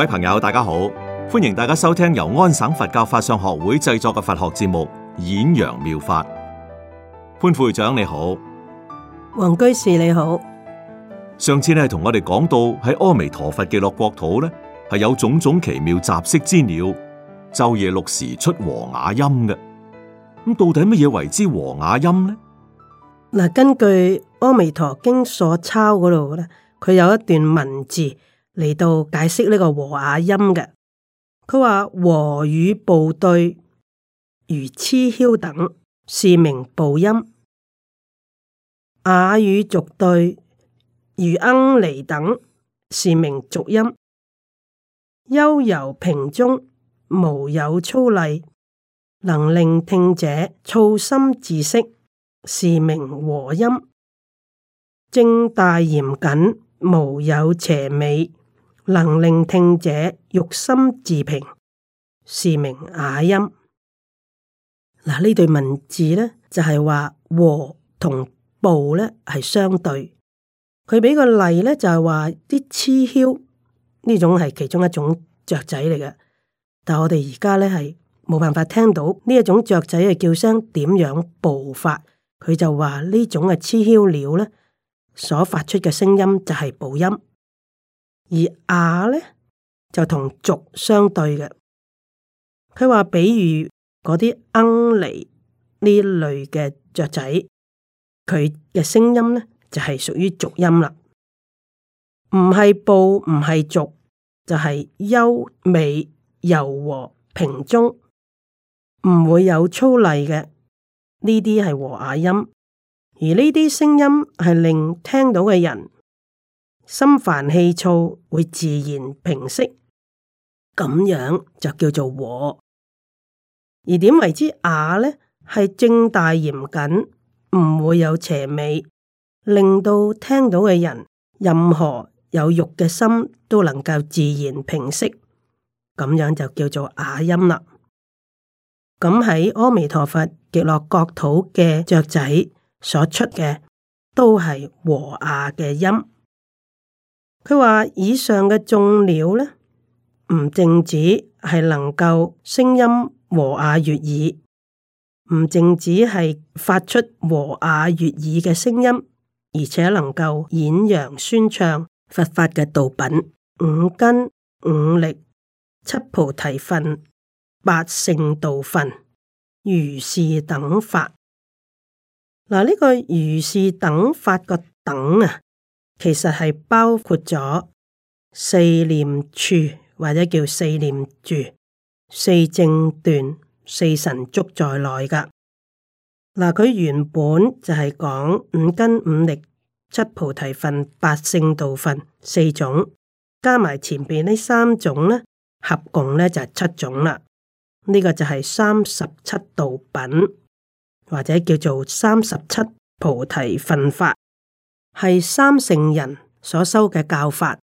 各位朋友，大家好，歡迎大家收聽由安省佛教法相學會製作嘅佛學節目《演揚妙，妙法》。潘副會長你好，王居士你好。上次咧同我哋講到喺阿彌陀佛嘅樂國土咧，係有種種奇妙雜色之鳥，晝夜六時出和雅音嘅。咁到底乜嘢為之和雅音呢？嗱，根據《阿彌陀經》所抄嗰度咧，佢有一段文字。嚟到解釋呢個和雅音嘅，佢話和語部對如痴囂等是名部音，雅語俗對如奀離等是名俗音。悠柔平中，無有粗厲，能令聽者操心自息，是名和音。正大嚴謹，無有邪美。能令聽者欲心自平，是名雅音。嗱，呢對文字咧就係、是、話和同暴咧係相對。佢俾個例咧就係話啲鴟梟呢種係其中一種雀仔嚟嘅，但我哋而家咧係冇辦法聽到呢一種雀仔嘅叫聲點樣暴法。佢就話呢種嘅鴟梟鳥咧所發出嘅聲音就係暴音。而雅咧、啊、就同俗相對嘅，佢話比如嗰啲鶯嚟呢類嘅雀仔，佢嘅聲音咧就係、是、屬於俗音啦，唔係布唔係俗，就係、是、優美柔和平中，唔會有粗厲嘅，呢啲係和雅、啊、音，而呢啲聲音係令聽到嘅人，心煩氣躁會自然平息，咁樣就叫做和。而點為之雅呢？係正大嚴謹，唔會有邪味，令到聽到嘅人，任何有肉嘅心都能夠自然平息，咁樣就叫做雅音啦。咁喺阿彌陀佛極樂國土嘅雀仔所出嘅，都係和雅嘅音。佢話以上嘅眾鳥呢，唔淨止係能夠聲音和雅、啊、悅耳，唔淨止係發出和雅、啊、悅耳嘅聲音，而且能夠演揚宣唱佛法嘅道品、五根、五力、七菩提分、八聖道分、如是等法。嗱，呢個如是等法個等啊！其實係包括咗四念處，或者叫四念住、四正斷、四神足在內噶。嗱，佢原本就係講五根五力、七菩提分、八聖道分四種，加埋前邊呢三種咧，合共咧就係七種啦。呢個就係三十七道品，或者叫做三十七菩提分法。係三乘人所修嘅教法，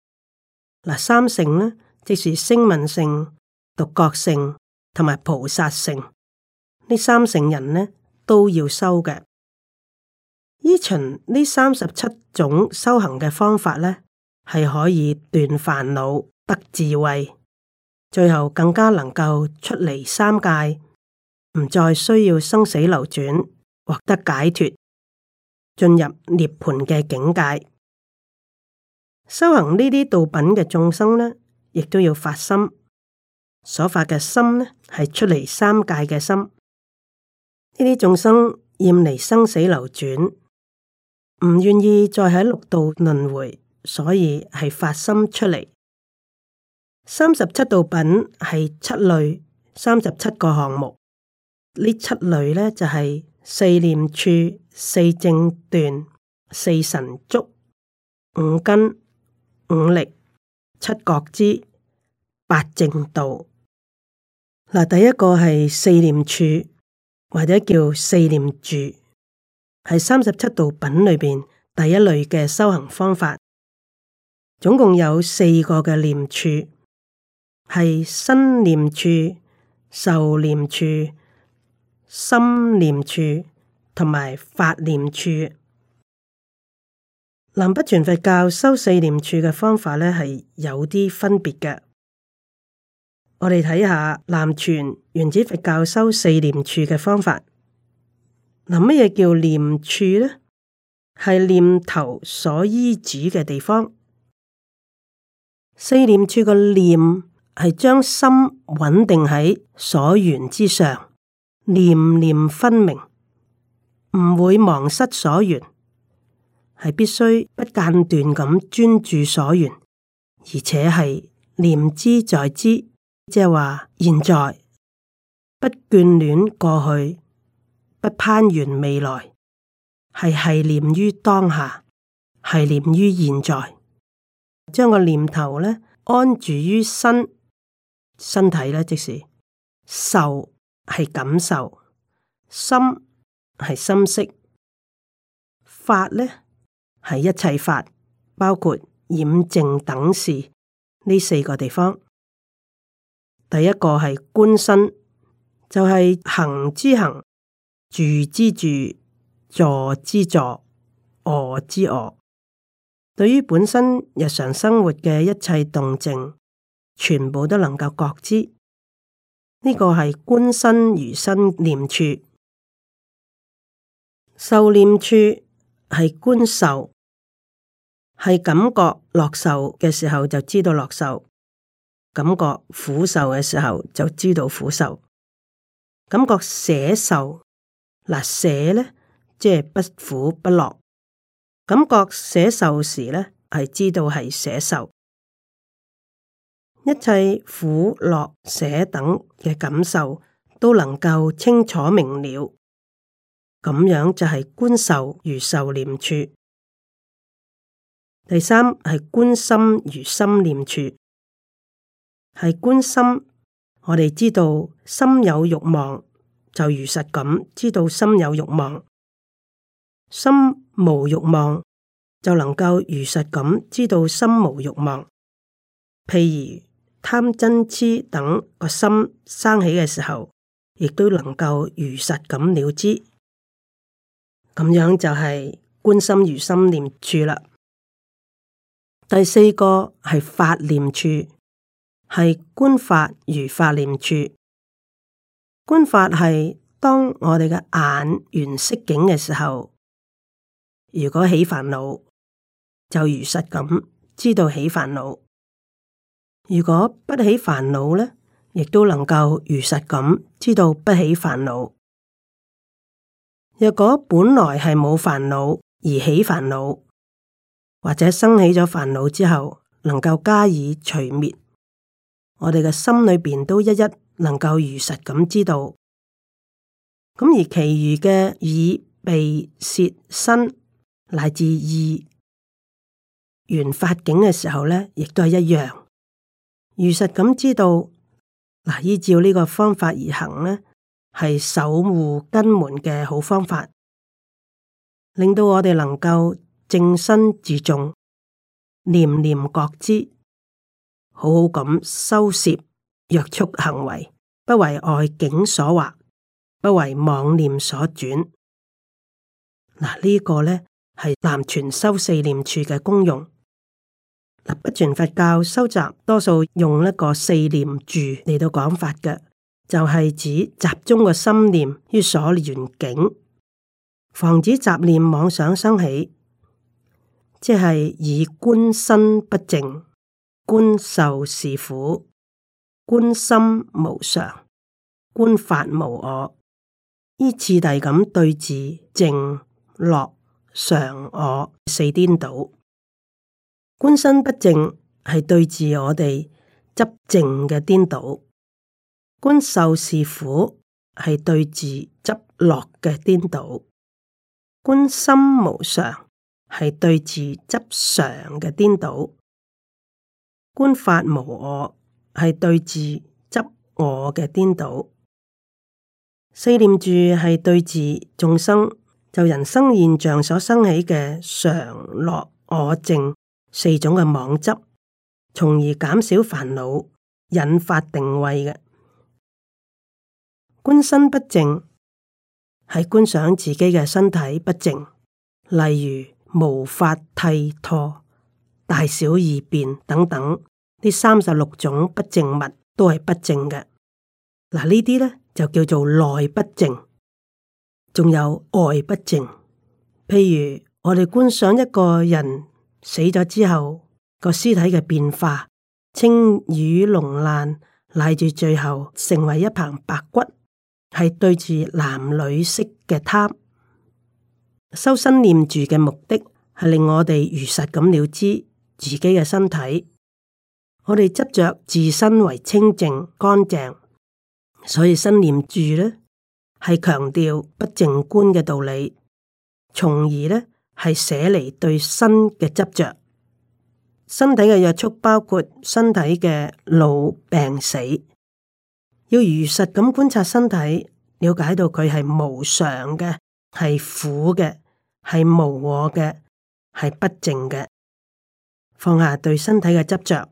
嗱，三乘呢，即是聲聞乘、獨覺乘同埋菩薩乘。呢三乘人呢，都要修嘅。依循呢三十七種修行嘅方法呢，係可以斷煩惱、得智慧，最後更加能夠出離三界，唔再需要生死流轉，獲得解脫。進入涅槃嘅境界，修行呢啲道品嘅眾生呢，亦都要發心。所發嘅心呢，係出嚟三界嘅心。呢啲眾生厭離生死流轉，唔願意再喺六道輪回，所以係發心出嚟。三十七道品係七類，三十七個項目。呢七類呢就係、是、四念處。四正斷、四神足、五根、五力、七覺支、八正道。嗱，第一個係四念處，或者叫四念住，係三十七道品裏邊第一類嘅修行方法。總共有四個嘅念處，係身念處、受念處、心念處，同埋法念處，南北傳佛教修四念處嘅方法呢，係有啲分別嘅。我哋睇下南傳原始佛教修四念處嘅方法。嗱，乜嘢叫念處呢？係念頭所依止嘅地方。四念處嘅念係將心穩定喺所緣之上，念念分明。唔會忘失所緣，係必須不間斷咁專注所緣，而且係念茲在茲，即係話現在不眷戀過去，不攀緣未來，係係念於當下，係念於現在，將個念頭咧安住於身身體咧，即是受係感受心。係心識法咧，係一切法，包括染淨等事呢四個地方。第一個係觀身，就係、是、行之行、住之住、坐之坐、臥、呃、之臥、呃。對於本身日常生活嘅一切動靜，全部都能夠覺知。呢、這個係觀身如身念處。受念處係觀受，係感覺樂受嘅時候就知道樂受，感覺苦受嘅時候就知道苦受，感覺捨受嗱捨呢，即係不苦不樂，感覺捨受時呢，係知道係捨受，一切苦樂捨等嘅感受都能夠清楚明了。咁樣就係觀受如受念處。第三係觀心如心念處，係觀心。我哋知道心有欲望就如實咁知道心有欲望，心無欲望就能夠如實咁知道心無欲望。譬如貪嗔痴等個心生起嘅時候，亦都能夠如實咁了知。咁樣就係觀心如心念處啦。第四個係法念處，係觀法如法念處。觀法係當我哋嘅眼緣色境嘅時候，如果起煩惱，就如實咁知道起煩惱；如果不起煩惱咧，亦都能夠如實咁知道不起煩惱。若果本來係冇煩惱而起煩惱，或者生起咗煩惱之後，能夠加以除滅，我哋嘅心裏邊都一一能夠如實咁知道。咁而其餘嘅耳、鼻、舌、身乃至意緣法境嘅時候咧，亦都係一樣，如實咁知道。嗱，依照呢個方法而行咧，係守護根門嘅好方法，令到我哋能夠正身自重，念念覺知，好好咁收攝約束行為，不為外境所惑，不為妄念所轉。嗱、這個，呢個咧係南傳修四念處嘅功用。嗱，北傳佛教收集多數用一個四念住嚟到講法嘅。就係指集中個心念於所緣境，防止雜念妄想生起。即係以觀身不淨，觀受是苦，觀心無常，觀法無我，依次第咁對治、淨、樂、常、我四顛倒。觀身不淨係對治我哋執淨嘅顛倒。觀受是苦，係對治執樂嘅顛倒；觀心無常，係對治執常嘅顛倒；觀法無我，係對治執我嘅顛倒。四念住係對治眾生就人生現象所生起嘅常、樂、我、淨四種嘅妄執，從而減少煩惱，引發定位嘅。觀身不淨，係觀想自己嘅身體不淨，例如無法剃脫、大小易變等等，呢三十六種不淨物都係不淨嘅。嗱，呢啲咧就叫做內不淨，仲有外不淨。譬如我哋觀想一個人死咗之後個屍體嘅變化，青瘀膿爛，賴住最後成為一棚白骨。係對住男女色嘅貪，修身念住嘅目的係令我哋如實咁了知自己嘅身體。我哋執着自身為清淨乾淨，所以身念住咧係強調不淨觀嘅道理，從而咧係捨離對身嘅執着。身體嘅約束包括身體嘅老、病、死。要如實咁觀察身體，了解到佢係無常嘅，係苦嘅，係無我嘅，係不淨嘅。放下對身體嘅執着，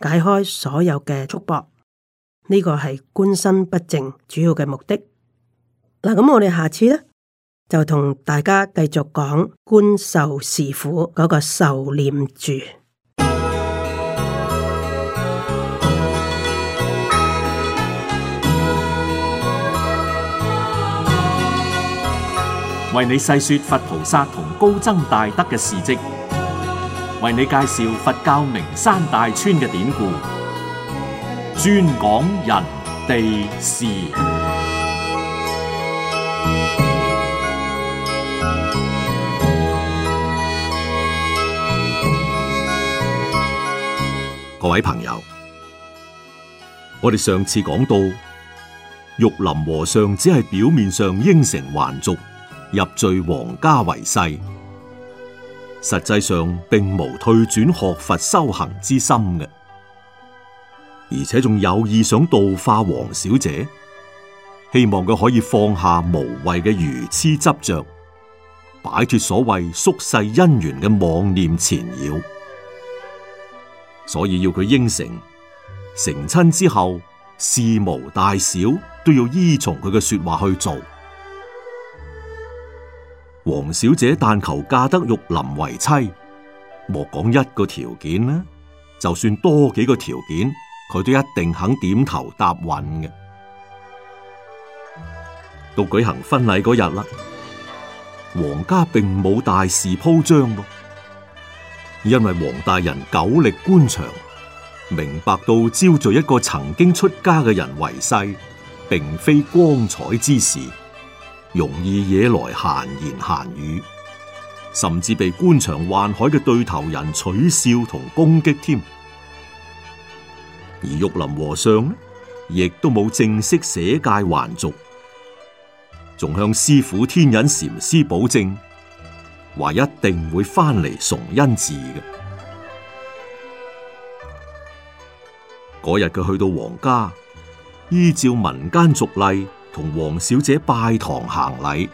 解開所有嘅束縛，呢個係觀身不淨主要嘅目的。嗱，咁我哋下次咧就同大家繼續講觀受是苦嗰個受念住。為你細說佛菩薩同高僧大德嘅事跡，為你介紹佛教名山大川嘅典故，專講人地事。各位朋友，我哋上次講到玉林和尚只係表面上應承還俗，入贅皇家為婿，實際上並無退轉學佛修行之心嘅，而且仲有意想度化王小姐，希望佢可以放下無謂嘅愚痴執着，擺脫所謂宿世姻緣嘅妄念纏繞，所以要佢應承，成親之後事無大小都要依從佢嘅說話去做。王小姐但求嫁得玉林為妻，莫講一個條件啦，就算多幾個條件，佢都一定肯點頭答允嘅。到舉行婚禮嗰日啦，王家並冇大肆鋪張喎，因為王大人久歷官場，明白到招聚一個曾經出家嘅人為婿，並非光彩之事。容易惹來閒言閒語，甚至被官場宦海嘅對頭人取笑同攻擊添。而玉林和尚呢，亦都冇正式捨戒還俗，仲向師父天隱禪師保證，話一定會翻嚟崇恩寺嘅。嗰日佢去到皇家，依照民間俗例。同黃小姐拜堂行禮，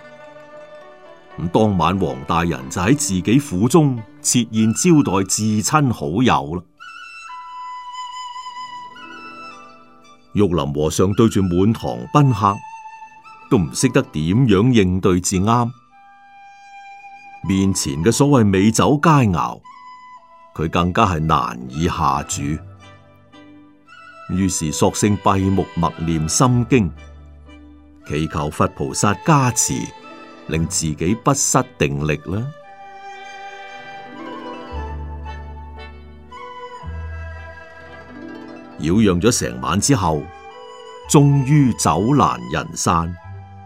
咁當晚黃大人就喺自己府中設宴招待至親好友啦。玉林和尚對住滿堂賓客，都唔識得點樣應對至啱，面前嘅所謂美酒佳肴，佢更加係難以下箸。於是索性閉目默念心經。祈求佛菩薩加持，令自己不失定力啦！擾攘咗成晚之後，終於酒闌人散，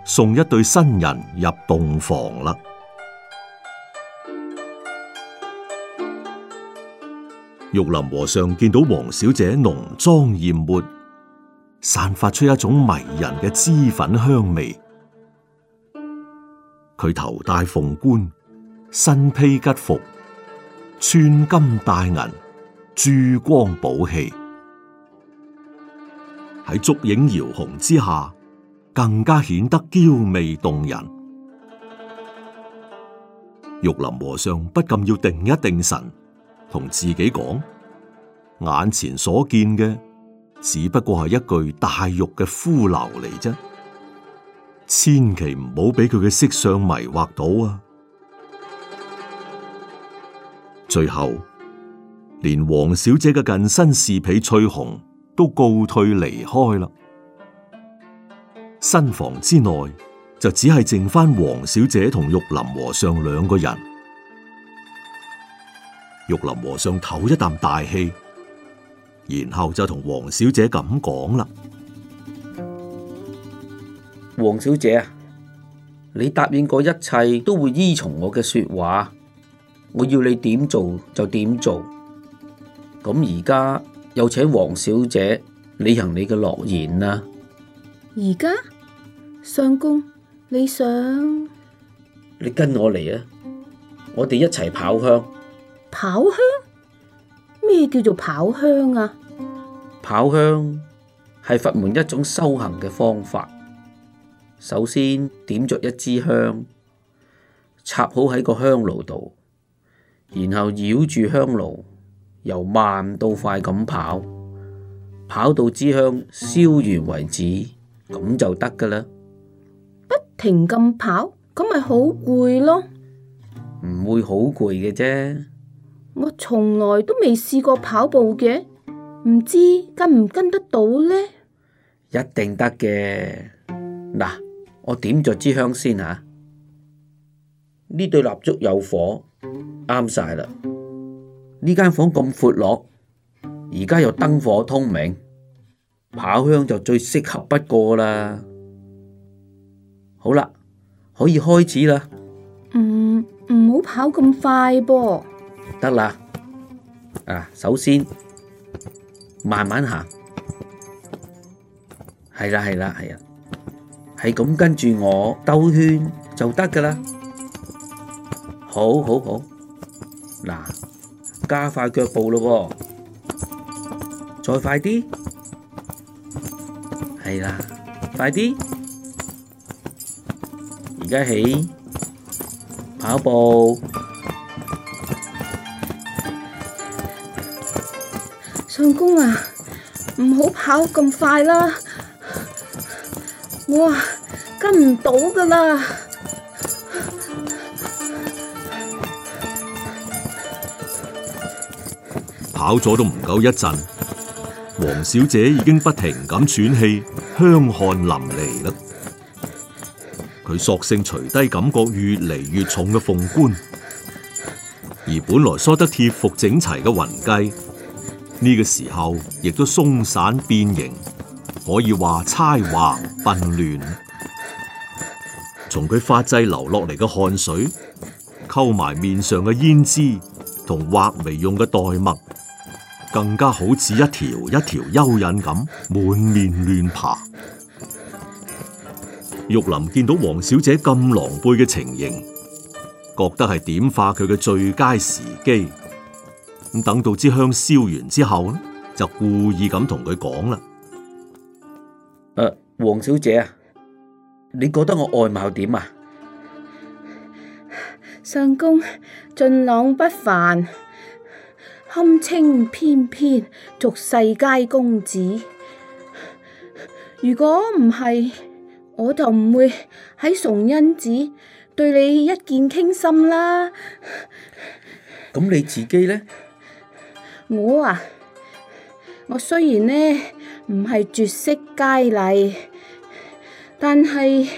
送一對新人入洞房啦！ 玉林和尚見到黃小姐濃妝艷抹。散發出一種迷人嘅脂粉香味。佢頭戴鳳冠，身披吉服，穿金戴銀，珠光寶氣，喺燭影搖紅之下，更加顯得嬌媚動人。玉林和尚不禁要定一定神，同自己講：眼前所見嘅。只不過係一具大玉嘅骷髏嚟啫，千祈唔好俾佢嘅色相迷惑到啊！最後，連黃小姐嘅近身侍婢翠紅都告退離開啦。新房之內就只係剩翻黃小姐同玉林和尚兩個人。玉林和尚透一啖大氣。然後就同黃小姐咁講啦。黃小姐啊，你答應過一切都會依從我嘅說話，我要你點做就點做。咁而家又請黃小姐履行你嘅諾言啦。而家，相公你想？你跟我嚟啊，我哋一齊跑香。跑香？咩叫做跑香啊？跑香係佛門一種修行嘅方法。首先點着一支香，插好喺個香爐度，然後繞住香爐由慢到快咁跑，跑到支香燒完為止，咁就得噶啦。不停咁跑，咁咪好攰咯？唔會好攰嘅啫。我從來都未試過跑步嘅。唔知跟唔跟得到呢？一定得嘅。嗱，我點咗支香先吓！呢對蠟燭有火，啱晒啦！呢間房咁闊落，而家又燈火通明，跑香就最適合不過啦！好啦，可以開始啦。嗯，唔好跑咁快噃。得啦，啊，首先。慢慢行，係啦係啦係啦，係咁跟住我兜圈就得噶啦。好好好，嗱，加快腳步咯喎，再快啲，係啦，快啲，而家起跑步。相公啊，唔好跑咁快啦！哇，跟唔到噶啦，跑咗都唔夠一陣，黃小姐已經不停咁喘氣，香汗淋漓啦。佢索性除低感覺越嚟越重嘅鳳冠，而本來梳得貼服整齊嘅雲髻。呢個時候亦都鬆散變形，可以話釵橫鬢亂。從佢髮際流落嚟嘅汗水，溝埋面上嘅胭脂同畫眉用嘅黛墨，更加好似一條一條蚯蚓咁滿面亂爬。玉林見到黃小姐咁狼狽嘅情形，覺得係點化佢嘅最佳時機。咁等到支香燒完之後，就故意咁同佢講啦。誒，黃小姐啊，你覺得我外貌點啊？相公俊朗不凡，堪稱翩翩俗世佳公子。如果唔係，我就唔會喺崇恩寺對你一見傾心啦。咁你自己呢？我啊，我雖然呢唔係絕色佳麗，但係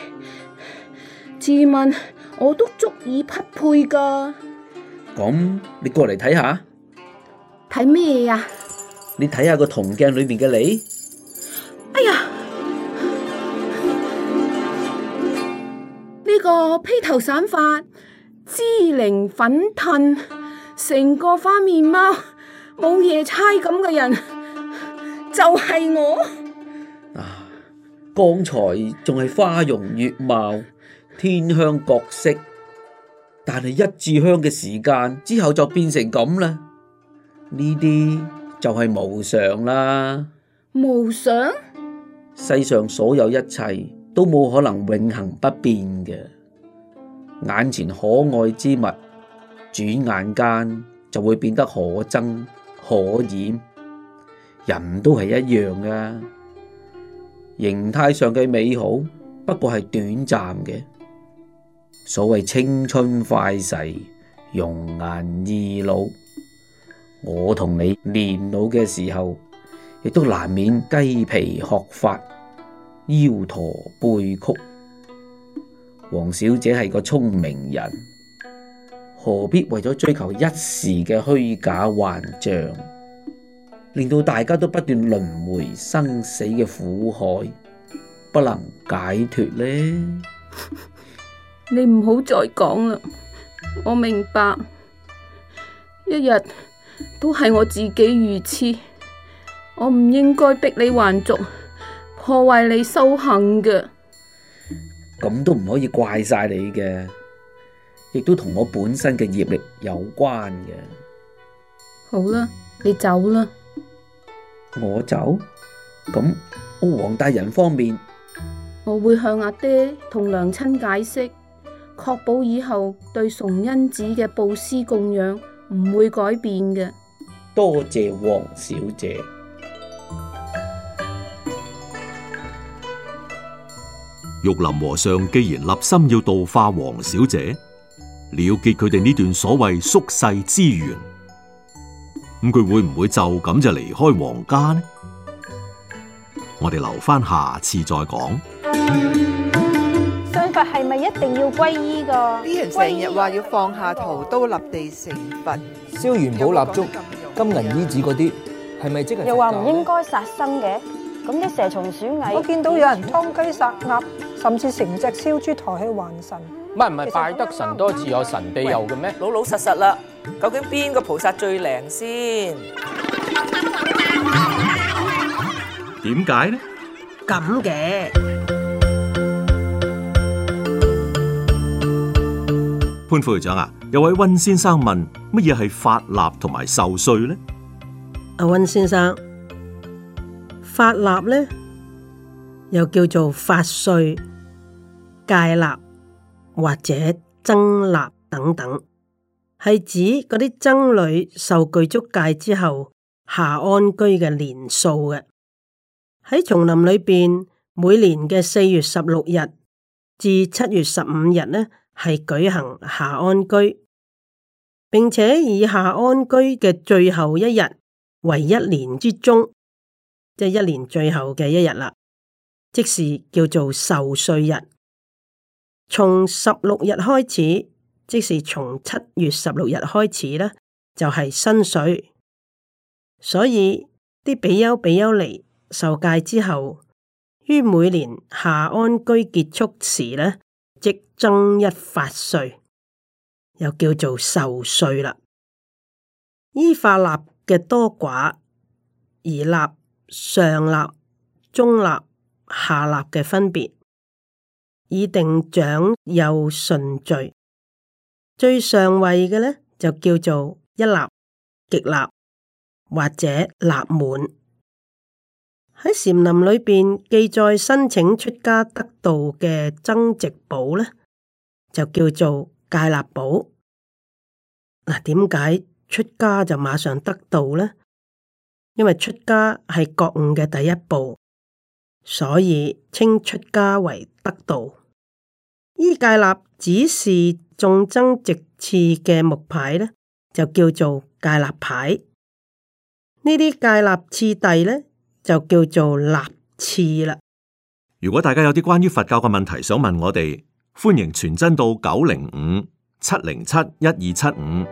自問我都足以匹配㗎。咁你過嚟睇下，睇咩啊？你睇下個銅鏡裡面嘅你。哎呀，呢個披頭散髮、脂零粉褪、成個花面貓。冇嘢差咁嘅人就係我。啊，剛才仲係花容月貌、天香國色，但係一炷香嘅時間之後就變成咁啦。呢啲就係無常啦。無常？世上所有一切都冇可能永恆不變嘅，眼前可愛之物，轉眼間就會變得可憎。果然人都係一樣噶，形態上嘅美好不過係短暫嘅。所謂青春快逝，容顏易老。我同你年老嘅時候，亦都難免雞皮鶴髮，腰駝背曲。黃小姐係個聰明人。何必為咗追求一時嘅虛假幻象，令到大家都不斷輪回生死嘅苦海，不能解脫呢？你唔好再講啦，我明白。一日都係我自己愚痴，我唔應該逼你還俗，破壞你修行嘅。咁都唔可以怪晒你嘅。亦都同我本身嘅業力有關嘅。好啦，你走啦。我走？咁阿王大人方面，我會向阿爹同娘親解釋，確保以後對崇恩寺嘅布施供養唔會改變嘅。多謝王小姐。玉林和尚既然立心要度化王小姐，了結佢哋呢段所謂俗世之緣，咁佢會唔會就咁就離開皇家呢？我哋留翻下，下次再講。信佛係咪一定要皈依㗎？人成日話要放下屠刀立地成佛，燒元寶蠟燭、金銀衣紙嗰啲，係咪、嗯、即係？又話唔應該殺生嘅，咁啲蛇蟲鼠蟻，我見到有人殺雞殺鴨，嗯、甚至成隻燒豬抬去還神。唔係唔係，拜得神多自有神庇佑嘅咩？老老實實啦，究竟邊個菩薩最靈先？點解呢？咁嘅潘副隊長啊，有位温先生問乜嘢係法臘同埋受歲呢？阿温先生，法臘呢，又叫做法歲、戒臘。或者僧臘等等，係指嗰啲僧侶受具足戒之後下安居嘅年數嘅。喺叢林裏邊，每年嘅四月十六日至七月十五日咧，係舉行下安居，並且以下安居嘅最後一日為一年之中即、就是、一年最後嘅一日啦，即是叫做受歲日。從十六日開始，即是從七月十六日開始啦，就係、是、新歲。所以啲比丘比丘尼受戒之後，於每年夏安居結束時呢，即增一法臘，又叫做受歲啦。依法臘嘅多寡而立上臘、中臘、下臘嘅分別。以定長幼順序，最上位嘅呢，就叫做一臘、極臘或者臘滿。喺禪林裏邊記載申請出家得道嘅增值簿呢，就叫做戒臘簿。嗱，點解出家就馬上得道呢？因為出家係覺悟嘅第一步，所以稱出家為得道。依戒臘只是眾僧職次嘅木牌咧，就叫做戒臘牌。呢啲戒臘次第咧，就叫做臘次啦。如果大家有啲關於佛教嘅問題想問我哋，歡迎傳真到九零五七零七一二七五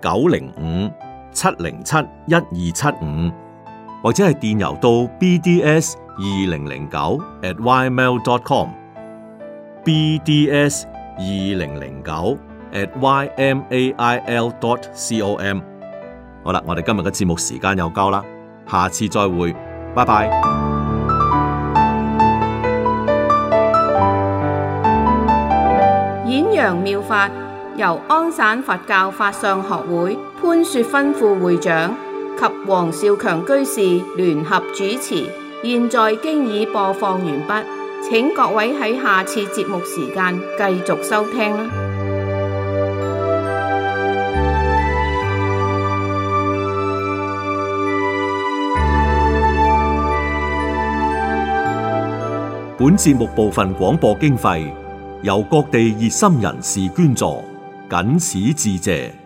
九零五七零七一二七五，75, 75，或者係電郵到 bds 二零零九 at ymail.com。BDS 二零零九 at ymail.com 好啦，我哋今日嘅節目時間又夠啦，下次再會，拜拜。演揚妙法由安省佛教法相學會潘雪芬副會長及黃少強居士聯合主持，現在經已播放完畢。請各位喺下次節目時間繼續收聽。本節目部分廣播經費由各地熱心人士捐助，僅此致謝。